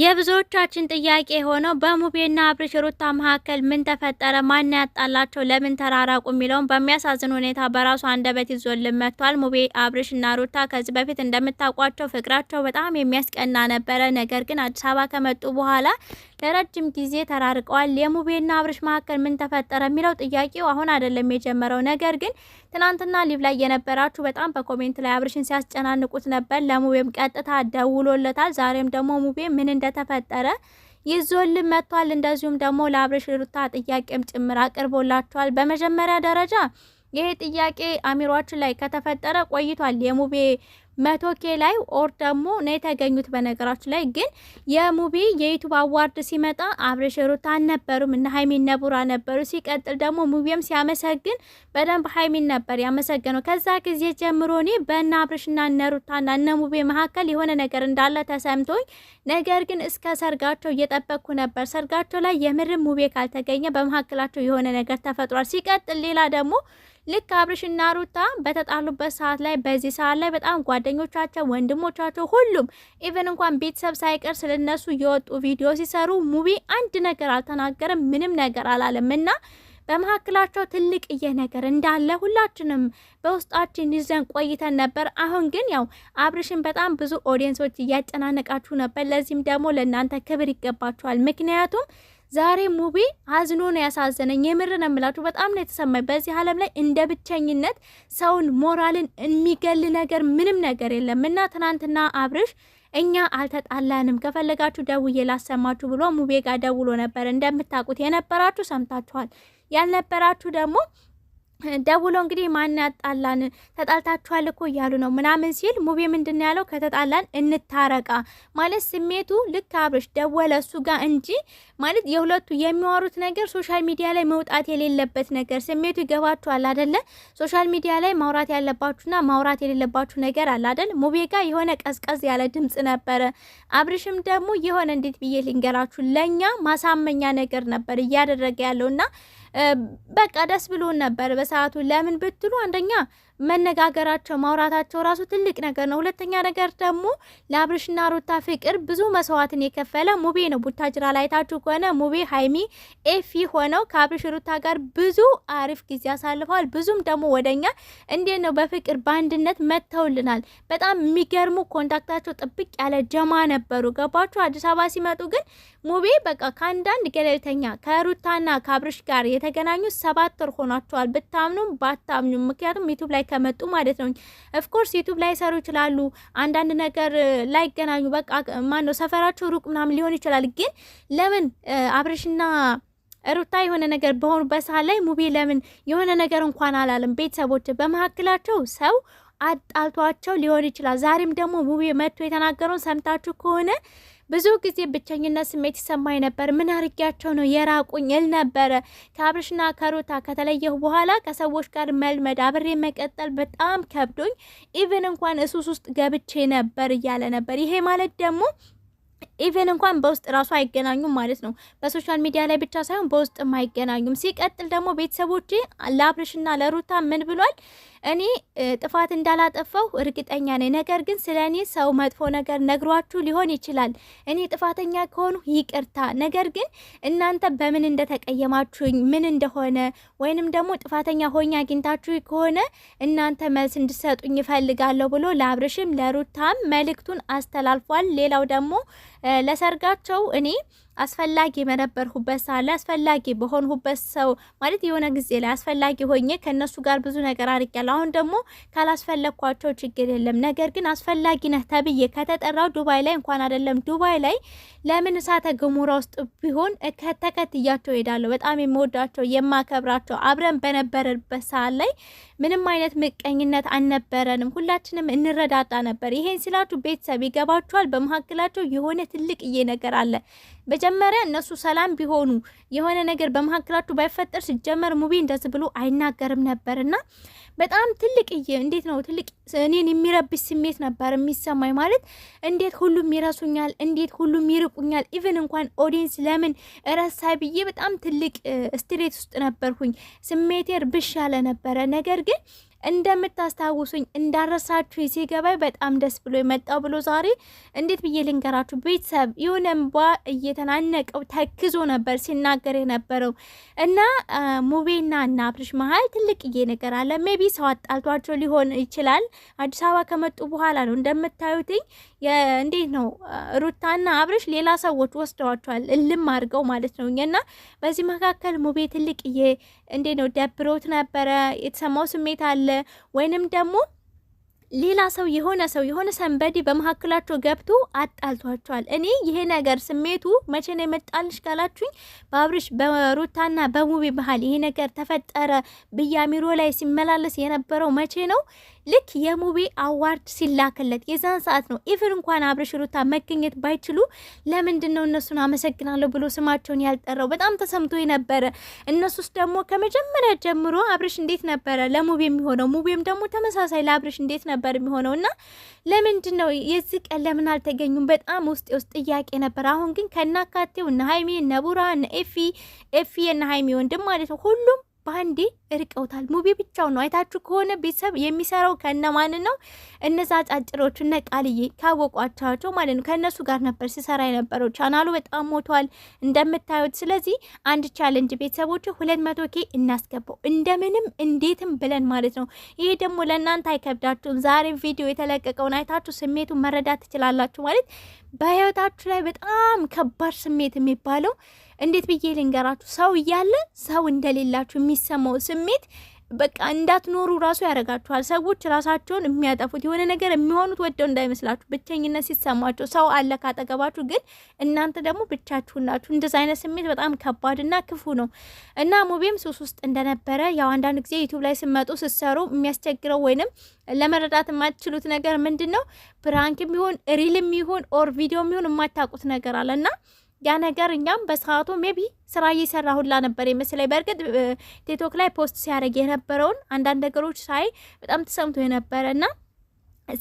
የብዙዎቻችን ጥያቄ የሆነው በሙቤና አብርሽ ሩታ መካከል ምን ተፈጠረ? ማን ያጣላቸው? ለምን ተራራቁ? የሚለውን በሚያሳዝን ሁኔታ በራሱ አንደበት ይዞልን መጥቷል። ሙቤ አብርሽና ሩታ ከዚህ በፊት እንደምታውቋቸው ፍቅራቸው በጣም የሚያስቀና ነበረ። ነገር ግን አዲስ አበባ ከመጡ በኋላ ለረጅም ጊዜ ተራርቀዋል። የሙቤና አብርሽ መካከል ምን ተፈጠረ የሚለው ጥያቄው አሁን አይደለም የጀመረው። ነገር ግን ትናንትና ሊቭ ላይ የነበራችሁ በጣም በኮሜንት ላይ አብርሽን ሲያስጨናንቁት ነበር። ለሙቤም ቀጥታ ደውሎለታል። ዛሬም ደግሞ ሙቤ ምን እንደተፈጠረ ይዞልን መጥቷል። እንደዚሁም ደግሞ ለአብርሽ ሩታ ጥያቄም ጭምር አቅርቦላቸዋል። በመጀመሪያ ደረጃ ይሄ ጥያቄ አሚሯችን ላይ ከተፈጠረ ቆይቷል። የሙቤ መቶ ኬ ላይ ኦር ደግሞ ነው የተገኙት። በነገራችን ላይ ግን የሙቢ የዩቱብ አዋርድ ሲመጣ አብርሽ ሩታ አልነበሩም እና ሀይሚን ነቡራ ነበሩ። ሲቀጥል ደግሞ ሙቢም ሲያመሰግን በደንብ ሀይሚን ነበር ያመሰግነው። ከዛ ጊዜ ጀምሮ እኔ በእነ አብርሽና እነ ሩታና እነ ሙቢ መካከል የሆነ ነገር እንዳለ ተሰምቶኝ፣ ነገር ግን እስከ ሰርጋቸው እየጠበቅኩ ነበር። ሰርጋቸው ላይ የምርም ሙቢ ካልተገኘ በመካከላቸው የሆነ ነገር ተፈጥሯል። ሲቀጥል ሌላ ደግሞ ልክ አብርሽና ሩታ በተጣሉበት ሰዓት ላይ በዚህ ሰዓት ላይ በጣም ጓደ ጓደኞቻቸው፣ ወንድሞቻቸው ሁሉም ኢቨን እንኳን ቤተሰብ ሳይቀር ስለነሱ የወጡ ቪዲዮ ሲሰሩ ሙቢ አንድ ነገር አልተናገርም፣ ምንም ነገር አላለም እና በመካከላቸው ትልቅዬ ነገር እንዳለ ሁላችንም በውስጣችን ይዘን ቆይተን ነበር። አሁን ግን ያው አብርሽን በጣም ብዙ ኦዲየንሶች እያጨናነቃችሁ ነበር። ለዚህም ደግሞ ለእናንተ ክብር ይገባችኋል። ምክንያቱም ዛሬ ሙቢ አዝኖ ነው ያሳዘነኝ። የምር ነው የምላችሁ፣ በጣም ነው የተሰማኝ። በዚህ ዓለም ላይ እንደ ብቸኝነት ሰውን ሞራልን የሚገል ነገር ምንም ነገር የለም እና ትናንትና አብርሽ እኛ አልተጣላንም ከፈለጋችሁ ደውዬ ላሰማችሁ ብሎ ሙቤ ጋር ደውሎ ነበር። እንደምታውቁት የነበራችሁ ሰምታችኋል፣ ያልነበራችሁ ደግሞ ደውሎ እንግዲህ ማን ያጣላን ተጣልታችኋል እኮ እያሉ ነው ምናምን ሲል ሙቤ ምንድን ያለው ከተጣላን እንታረቃ ማለት ስሜቱ ልክ አብርሽ ደወለ እሱ ጋር እንጂ ማለት የሁለቱ የሚዋሩት ነገር ሶሻል ሚዲያ ላይ መውጣት የሌለበት ነገር ስሜቱ ይገባችኋል አደለ ሶሻል ሚዲያ ላይ ማውራት ያለባችሁና ማውራት የሌለባችሁ ነገር አለ አደል ሙቤ ጋር የሆነ ቀዝቀዝ ያለ ድምፅ ነበረ አብርሽም ደግሞ የሆነ እንዴት ብዬ ልንገራችሁ ለእኛ ማሳመኛ ነገር ነበር እያደረገ ያለውና በቃ ደስ ብሎን ነበር በሰዓቱ። ለምን ብትሉ አንደኛ መነጋገራቸው ማውራታቸው ራሱ ትልቅ ነገር ነው። ሁለተኛ ነገር ደግሞ ለአብርሽና ሩታ ፍቅር ብዙ መስዋዕትን የከፈለ ሙቤ ነው። ቡታጅራ ላይታችሁ ከሆነ ሙቤ፣ ሀይሚ፣ ኤፊ ሆነው ከአብርሽ ሩታ ጋር ብዙ አሪፍ ጊዜ አሳልፈዋል። ብዙም ደግሞ ወደኛ እንዴት ነው በፍቅር በአንድነት መጥተውልናል። በጣም የሚገርሙ ኮንታክታቸው ጥብቅ ያለ ጀማ ነበሩ። ገባችሁ? አዲስ አበባ ሲመጡ ግን ሙቤ በቃ ከአንዳንድ ገለልተኛ ከሩታና ከአብርሽ ጋር የተገናኙ ሰባት ወር ሆኗቸዋል፣ ብታምኑም ባታምኙም። ምክንያቱም ዩቱብ ላይ ከመጡ ማለት ነው። ኦፍኮርስ ዩቱብ ላይ ሰሩ ይችላሉ። አንዳንድ ነገር ላይገናኙ በቃ ማን ነው ሰፈራቸው ሩቅ ምናምን ሊሆን ይችላል። ግን ለምን አብረሽና ሩታ የሆነ ነገር በሆኑ በሳ ላይ ሙቤ ለምን የሆነ ነገር እንኳን አላለም? ቤተሰቦች በመካከላቸው ሰው አጣልቷቸው ሊሆን ይችላል። ዛሬም ደግሞ ሙቤ መጥቶ የተናገረውን ሰምታችሁ ከሆነ ብዙ ጊዜ ብቸኝነት ስሜት ይሰማኝ ነበር። ምን አርጊያቸው ነው የራቁኝ እል ነበረ። ከአብርሽና ከሩታ ከተለየሁ በኋላ ከሰዎች ጋር መልመድ አብሬ መቀጠል በጣም ከብዶኝ ኢቨን እንኳን እሱስ ውስጥ ገብቼ ነበር እያለ ነበር። ይሄ ማለት ደግሞ ኢቨን እንኳን በውስጥ ራሱ አይገናኙም ማለት ነው። በሶሻል ሚዲያ ላይ ብቻ ሳይሆን በውስጥም አይገናኙም። ሲቀጥል ደግሞ ቤተሰቦች ለአብርሽና ለሩታ ምን ብሏል? እኔ ጥፋት እንዳላጠፋው እርግጠኛ ነኝ። ነገር ግን ስለ እኔ ሰው መጥፎ ነገር ነግሯችሁ ሊሆን ይችላል። እኔ ጥፋተኛ ከሆኑ ይቅርታ። ነገር ግን እናንተ በምን እንደተቀየማችሁኝ ምን እንደሆነ ወይንም ደግሞ ጥፋተኛ ሆኜ አግኝታችሁ ከሆነ እናንተ መልስ እንድሰጡኝ ይፈልጋለሁ ብሎ ለአብርሽም ለሩታም መልእክቱን አስተላልፏል። ሌላው ደግሞ ለሰርጋቸው እኔ አስፈላጊ በነበርሁበት ሰዓት ላይ አስፈላጊ በሆንሁበት ሰው ማለት የሆነ ጊዜ ላይ አስፈላጊ ሆኜ ከእነሱ ጋር ብዙ ነገር አርቄያለሁ። አሁን ደግሞ ካላስፈለግኳቸው ችግር የለም። ነገር ግን አስፈላጊ ነህ ተብዬ ከተጠራው ዱባይ ላይ እንኳን አይደለም ዱባይ ላይ ለምን እሳተ ገሞራ ውስጥ ቢሆን ከተከትያቸው ሄዳለሁ። በጣም የምወዳቸው የማከብራቸው አብረን በነበረበት ሰዓት ላይ ምንም አይነት ምቀኝነት አልነበረንም። ሁላችንም እንረዳዳ ነበር። ይሄን ሲላችሁ ቤተሰብ ይገባችኋል። በመካከላቸው የሆነ ትልቅዬ ነገር አለ መጀመሪያ እነሱ ሰላም ቢሆኑ የሆነ ነገር በመካከላችሁ ባይፈጠር ሲጀመር ሙቢ እንደዚህ ብሎ አይናገርም ነበር እና በጣም ትልቅ እንዴት ነው ትልቅ እኔን የሚረብሽ ስሜት ነበር የሚሰማኝ። ማለት እንዴት ሁሉም ይረሱኛል፣ እንዴት ሁሉም ይርቁኛል። ኢቨን እንኳን ኦዲንስ ለምን እረሳይ ብዬ በጣም ትልቅ ስትሬት ውስጥ ነበርኩኝ። ስሜቴ ብሽ ያለ ነበረ ነገር ግን እንደምታስታውሱኝ እንዳረሳችሁ ሲገባኝ በጣም ደስ ብሎ የመጣው ብሎ ዛሬ እንዴት ብዬ ልንገራችሁ ቤተሰብ የሆነ እንባ እየተናነቀው ተክዞ ነበር ሲናገር የነበረው እና ሙቤና እና አብርሽ መሀል ትልቅዬ ነገር አለ። ሜቢ ሰው አጣልቷቸው ሊሆን ይችላል። አዲስ አበባ ከመጡ በኋላ ነው እንደምታዩትኝ እንዴት ነው ሩታና አብርሽ ሌላ ሰዎች ወስደዋቸዋል፣ እልም አድርገው ማለት ነው። እና በዚህ መካከል ሙቤ ትልቅዬ እንዴት ነው ደብሮት ነበረ፣ የተሰማው ስሜት አለ ወይንም ደግሞ ሌላ ሰው የሆነ ሰው የሆነ ሰንበዲ በመካከላቸው ገብቶ አጣልቷቸዋል። እኔ ይሄ ነገር ስሜቱ መቼ ነው የመጣልሽ ካላችሁኝ በአብርሽ በሩታና በሙቤ ባህል ይሄ ነገር ተፈጠረ ብያ ላይ ሲመላለስ የነበረው መቼ ነው ልክ የሙቤ አዋርድ ሲላክለት የዛን ሰዓት ነው። ኢቨን እንኳን አብርሽ ሩታ መገኘት ባይችሉ ለምንድን ነው እነሱን አመሰግናለሁ ብሎ ስማቸውን ያልጠራው? በጣም ተሰምቶ ነበረ። እነሱስ ደግሞ ከመጀመሪያ ጀምሮ አብርሽ እንዴት ነበረ ለሙቤ የሚሆነው? ሙቤም ደግሞ ተመሳሳይ ለአብርሽ እንዴት ነበር የሚሆነው? እና ለምንድን ነው የዚህ ቀን ለምን አልተገኙም? በጣም ውስጥ ውስጥ ጥያቄ ነበር። አሁን ግን ከናካቴው እነ ሀይሜ እነ ቡራ እነ ኤፊ ኤፊ ሀይሚ ወንድም ማለት ነው ሁሉም ባንዴ እርቀውታል። ሙቢ ብቻው ነው። አይታችሁ ከሆነ ቤተሰብ የሚሰራው ከነማንን ነው? እነዛ ጫጭሮች እነ ቃልዬ ካወቋቸው ማለት ነው። ከእነሱ ጋር ነበር ሲሰራ የነበረው። ቻናሉ በጣም ሞቷል እንደምታዩት። ስለዚህ አንድ ቻለንጅ ቤተሰቦች ሁለት መቶ ኬ እናስገባው እንደምንም እንዴትም ብለን ማለት ነው። ይሄ ደግሞ ለእናንተ አይከብዳችሁም። ዛሬ ቪዲዮ የተለቀቀውን አይታችሁ ስሜቱን መረዳት ትችላላችሁ። ማለት በህይወታችሁ ላይ በጣም ከባድ ስሜት የሚባለው እንዴት ብዬ ልንገራችሁ፣ ሰው እያለ ሰው እንደሌላችሁ የሚሰማው ስሜት በቃ እንዳትኖሩ ራሱ ያደርጋችኋል። ሰዎች ራሳቸውን የሚያጠፉት የሆነ ነገር የሚሆኑት ወደው እንዳይመስላችሁ፣ ብቸኝነት ሲሰማቸው ሰው አለ ካጠገባችሁ፣ ግን እናንተ ደግሞ ብቻችሁን ናችሁ። እንደዚ አይነት ስሜት በጣም ከባድና ክፉ ነው እና ሙቤም ሱስ ውስጥ እንደነበረ ያው አንዳንድ ጊዜ ዩቱብ ላይ ስመጡ ስሰሩ የሚያስቸግረው ወይንም ለመረዳት የማትችሉት ነገር ምንድን ነው፣ ፕራንክም ይሁን ሪልም ይሁን ኦር ቪዲዮም ይሁን የማታውቁት ነገር አለ እና ያ ነገር እኛም በሰዓቱ ሜቢ ስራ እየሰራ ሁላ ነበር የመሰለኝ። በእርግጥ ቲክቶክ ላይ ፖስት ሲያደርግ የነበረውን አንዳንድ ነገሮች ሳይ በጣም ተሰምቶ የነበረ እና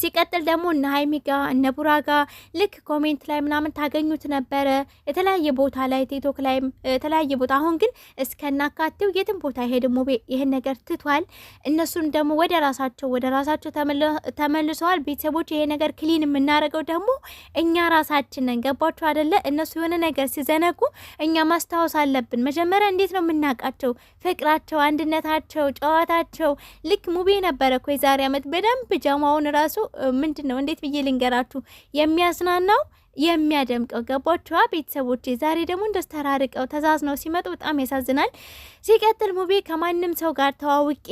ሲቀጥል ደግሞ እነ ሀይሚ ጋ እነ ቡራ ጋ ልክ ኮሜንት ላይ ምናምን ታገኙት ነበረ የተለያየ ቦታ ላይ ቲክቶክ ላይ የተለያየ ቦታ። አሁን ግን እስከናካቴው የትም ቦታ ይሄ ደግሞ ይህን ነገር ትቷል። እነሱም ደግሞ ወደ ራሳቸው ወደ ራሳቸው ተመልሰዋል። ቤተሰቦች ይሄ ነገር ክሊን የምናደርገው ደግሞ እኛ ራሳችን ነን። ገባችሁ አደለ? እነሱ የሆነ ነገር ሲዘነጉ እኛ ማስታወስ አለብን። መጀመሪያ እንዴት ነው የምናውቃቸው? ፍቅራቸው፣ አንድነታቸው፣ ጨዋታቸው ልክ ሙቤ ነበረ እኮ የዛሬ አመት በደንብ ጀማውን ራሱ ራሱ ምንድን ነው እንዴት ብዬ ልንገራችሁ የሚያዝናናው የሚያደምቀው ገባችኋ? ቤተሰቦች ዛሬ ደግሞ እንደስ ተራርቀው ተዛዝነው ሲመጡ በጣም ያሳዝናል። ሲቀጥል ሙቤ ከማንም ሰው ጋር ተዋውቄ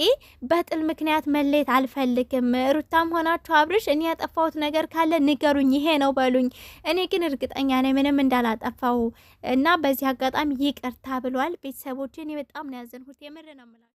በጥል ምክንያት መለየት አልፈልግም። ሩታም ሆናችሁ አብርሽ፣ እኔ ያጠፋሁት ነገር ካለ ንገሩኝ፣ ይሄ ነው በሉኝ። እኔ ግን እርግጠኛ ነኝ ምንም እንዳላጠፋው እና በዚህ አጋጣሚ ይቅርታ ብሏል። ቤተሰቦች እኔ በጣም ነው ያዘንሁት። የምር ነው የምላችሁ።